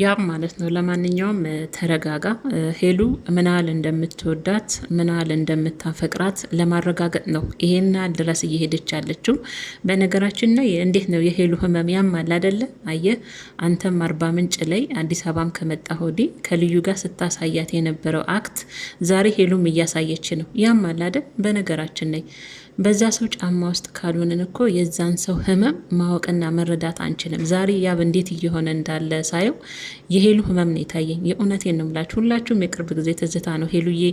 ያም ማለት ነው። ለማንኛውም ተረጋጋ። ሄሉ ምናል እንደምትወዳት ምናል እንደምታፈቅራት ለማረጋገጥ ነው ይሄን ድረስ እየሄደች ያለችው። በነገራችን ላይ እንዴት ነው የሄሉ ህመም አለ አደለ? አየህ አንተም አርባ ምንጭ ላይ አዲስ አበባም ከመጣ ሆዲ ከልዩ ጋር ስታሳያት የነበረው አክት ዛሬ ሄሉም እያሳየች ነው። አለ አይደል? በነገራችን ላይ በዛ ሰው ጫማ ውስጥ ካልሆንን እኮ የዛን ሰው ህመም ማወቅና መረዳት አንችልም። ዛሬ ያብ እንዴት እየሆነ እንዳለ ሳየው የሄሉ ህመም ነው የታየኝ። የእውነቴን ነው የምላችሁ። ሁላችሁም የቅርብ ጊዜ ትዝታ ነው። ሄሉዬ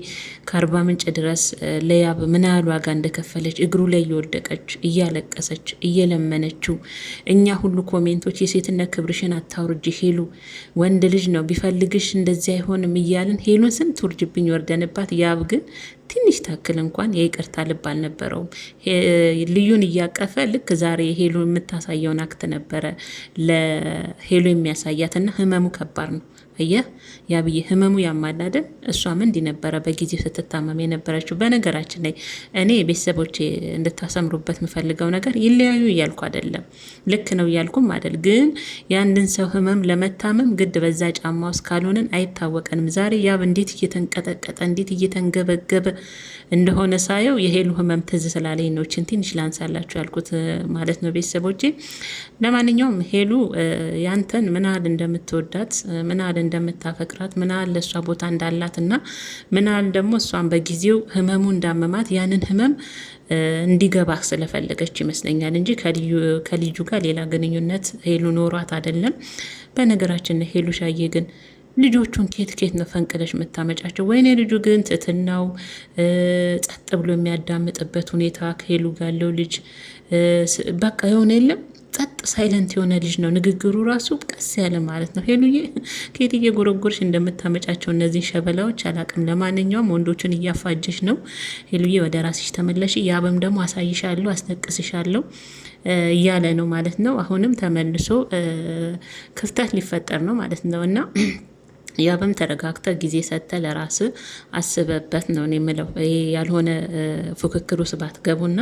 ከአርባ ምንጭ ድረስ ለያብ ምን ያህል ዋጋ እንደከፈለች እግሩ ላይ እየወደቀች እያለቀሰች እየለመነችው፣ እኛ ሁሉ ኮሜንቶች የሴትነት ክብርሽን አታውርጅ ሄሉ ወንድ ልጅ ነው ቢፈልግሽ እንደዚህ አይሆንም እያልን ሄሉን ስንት ውርጅብኝ ወርደንባት ያብ ግን ትንሽ ታክል እንኳን የይቅርታ ልብ አልነበረውም። ልዩን እያቀፈ ልክ ዛሬ ሄሎ የምታሳየውን አክት ነበረ ለሄሎ የሚያሳያትና ህመሙ ከባድ ነው። እያ ያብዬ ህመሙ ያማላደን እሷም እንዲህ ነበረ በጊዜ ስትታመም የነበረችው። በነገራችን ላይ እኔ ቤተሰቦቼ እንድታሰምሩበት የምፈልገው ነገር ይለያዩ እያልኩ አይደለም፣ ልክ ነው እያልኩም አይደል። ግን የአንድን ሰው ህመም ለመታመም ግድ በዛ ጫማ ውስጥ ካልሆንን አይታወቀንም። ዛሬ ያብ እንዴት እየተንቀጠቀጠ እንዴት እየተንገበገበ እንደሆነ ሳየው የሄሉ ህመም ትዝ ስላለኝ ነው ይችን ትንሽ ላንሳላችሁ ያልኩት ማለት ነው ቤተሰቦቼ። ለማንኛውም ሄሉ ያንተን ምናል እንደምትወዳት ምናል እንደምታፈቅራት ምናል ለእሷ ቦታ እንዳላት እና ምናል ደግሞ እሷን በጊዜው ህመሙ እንዳመማት ያንን ህመም እንዲገባ ስለፈለገች ይመስለኛል እንጂ ከልጁ ጋር ሌላ ግንኙነት ሄሉ ኖሯት አይደለም። በነገራችን ሄሉ ሻዬ ግን ልጆቹን ኬት ኬት ነው ፈንቅለሽ የምታመጫቸው? ወይኔ ልጁ ግን ትትናው ጸጥ ብሎ የሚያዳምጥበት ሁኔታ ከሄሉ ጋር ያለው ልጅ በቃ የሆነ የለም ጸጥ ሳይለንት የሆነ ልጅ ነው። ንግግሩ ራሱ ቀስ ያለ ማለት ነው። ሄሉዬ ኬት እየጎረጎርሽ እንደምታመጫቸው እነዚህ ሸበላዎች አላቅም። ለማንኛውም ወንዶችን እያፋጀሽ ነው ሄሉዬ፣ ወደ ራስሽ ተመለሽ። ያብም ደግሞ አሳይሻለሁ፣ አስነቅስሻለሁ እያለ ነው ማለት ነው። አሁንም ተመልሶ ክፍተት ሊፈጠር ነው ማለት ነው እና ያብም ተረጋግተ ጊዜ ሰጥተ ለራስ አስበበት ነው የምለው። ያልሆነ ፉክክር ውስጥ ባትገቡና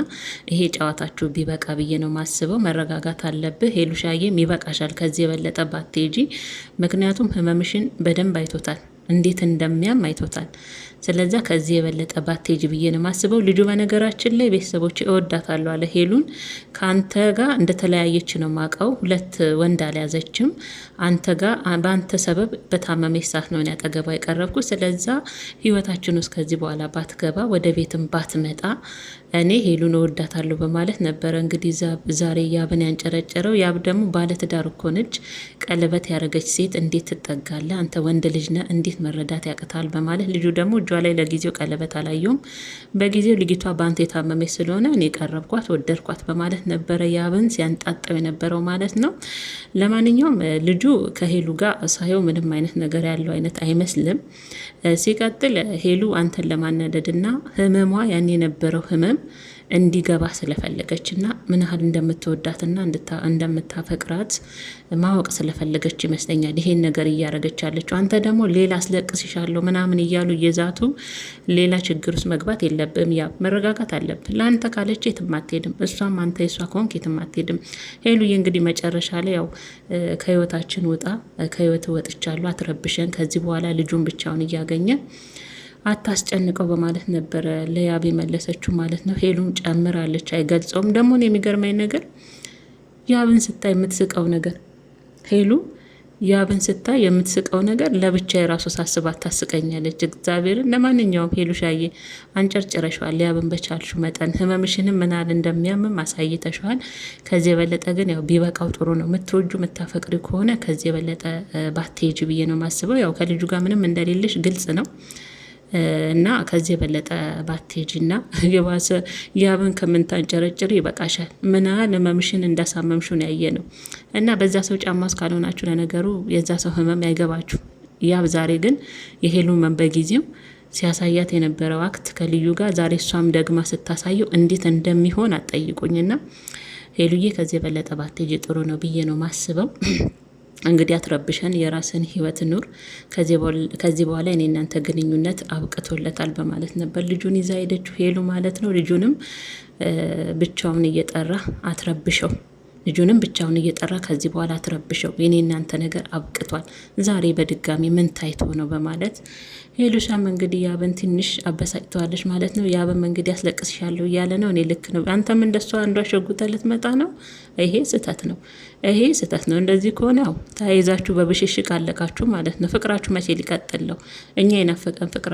ይሄ ጨዋታችሁ ቢበቃ ብዬ ነው ማስበው። መረጋጋት አለብህ ሄሉሻዬም፣ ይበቃሻል። ከዚህ የበለጠ ባትሄጂ፣ ምክንያቱም ህመምሽን በደንብ አይቶታል፣ እንዴት እንደሚያም አይቶታል። ስለዚ ከዚህ የበለጠ ባቴጅ ብዬ ነው የማስበው። ልጁ በነገራችን ላይ ቤተሰቦች እወዳታለሁ አለ ሄሉን ከአንተ ጋር እንደተለያየች ነው ማቀው ሁለት ወንድ አልያዘችም። አንተ ጋር በአንተ ሰበብ በታመመ ሳት ነው ያጠገባ የቀረብኩ። ስለዛ ህይወታችን ውስጥ ከዚህ በኋላ ባትገባ፣ ወደ ቤትም ባትመጣ እኔ ሄሉን እወዳታለሁ በማለት ነበረ እንግዲህ ዛሬ ያብን ያንጨረጨረው። ያብ ደግሞ ባለትዳር እኮ ነች። ቀለበት ያደረገች ሴት እንዴት ትጠጋለ አንተ ወንድ ልጅ ነህ። እንዴት መረዳት ያቅታል? በማለት ልጁ ደግሞ ላይ ለጊዜው ቀለበት አላየውም። በጊዜው ልጅቷ በአንተ የታመመች ስለሆነ እኔ ቀረብኳት፣ ወደድኳት በማለት ነበረ ያብን ሲያንጣጠው የነበረው ማለት ነው። ለማንኛውም ልጁ ከሄሉ ጋር ሳየው ምንም አይነት ነገር ያለው አይነት አይመስልም። ሲቀጥል ሄሉ አንተን ለማናደድ እና ህመሟ ያን የነበረው ህመም እንዲገባ ስለፈለገች እና ምን ያህል እንደምትወዳት እንደምትወዳትና እንደምታፈቅራት ማወቅ ስለፈለገች ይመስለኛል ይሄን ነገር እያረገች ያለችው። አንተ ደግሞ ሌላ አስለቅስሻለሁ ምናምን እያሉ እየዛቱ ሌላ ችግር ውስጥ መግባት የለብም። ያ መረጋጋት አለብ። ለአንተ ካለች የትም አትሄድም። እሷም አንተ የእሷ ከሆንክ የትም አትሄድም። ሄሉዬ እንግዲህ መጨረሻ ላይ ያው ከህይወታችን ውጣ፣ ከህይወት ወጥቻለሁ፣ አትረብሸን ከዚህ በኋላ ልጁን ብቻውን እያገኝ ስላገኘ አታስጨንቀው በማለት ነበረ ለያብ የመለሰችው ማለት ነው። ሄሉን ጨምራለች። አይገልጸውም ደግሞ የሚገርመኝ ነገር ያብን ስታይ የምትስቀው ነገር ሄሉ ያብን ስታይ የምትስቀው ነገር ለብቻ የራሱ ሳስባት ታስቀኛለች። እግዚአብሔርን ለማንኛውም ሄሉሻዬ አንጨርጭረሸዋል። ያብን በቻልሹ መጠን ህመምሽንም ምናል እንደሚያምም አሳይተሸዋል። ከዚህ የበለጠ ግን ያው ቢበቃው ጥሩ ነው። ምትወጁ ምታፈቅሪ ከሆነ ከዚህ የበለጠ ባቴጅ ብዬ ነው ማስበው። ያው ከልጁ ጋር ምንም እንደሌለሽ ግልጽ ነው። እና ከዚህ የበለጠ እና የባሰ ያብን ከምንታንጨረጭር ይበቃሻል። ምን ያህል ህመምሽን እንዳሳመምሽን ያየ ነው። እና በዛ ሰው ጫማ እስካልሆናችሁ ለነገሩ የዛ ሰው ህመም አይገባችሁ። ያብ ዛሬ ግን የሄሉ ህመም በጊዜው ሲያሳያት የነበረው አክት ከልዩ ጋር ዛሬ እሷም ደግማ ስታሳየው እንዴት እንደሚሆን አጠይቁኝና ሄሉዬ ከዚህ የበለጠ ባቴጅ ጥሩ ነው ብዬ ነው ማስበው። እንግዲህ አትረብሸን፣ የራስን ህይወት ኑር። ከዚህ በኋላ እኔ እናንተ ግንኙነት አብቅቶለታል በማለት ነበር ልጁን ይዛ ሄደችው ሄሉ ማለት ነው። ልጁንም ብቻውን እየጠራ አትረብሸው ልጁንም ብቻውን እየጠራ ከዚህ በኋላ አትረብሸው፣ የኔ እናንተ ነገር አብቅቷል፣ ዛሬ በድጋሚ ምን ታይቶ ነው በማለት ሄሉሻም እንግዲህ ያበን ትንሽ አበሳጭተዋለች ማለት ነው። ያበን እንግዲህ ያስለቅስሻለሁ እያለ ነው። እኔ ልክ ነው፣ አንተም እንደሷ አንዷ ሸጉተ ልትመጣ ነው። ይሄ ስህተት ነው፣ ይሄ ስህተት ነው። እንደዚህ ከሆነ ያው ተያይዛችሁ በብሽሽቅ አለቃችሁ ማለት ነው። ፍቅራችሁ መቼ ሊቀጥል ነው? እኛ የናፈቀን ፍቅራ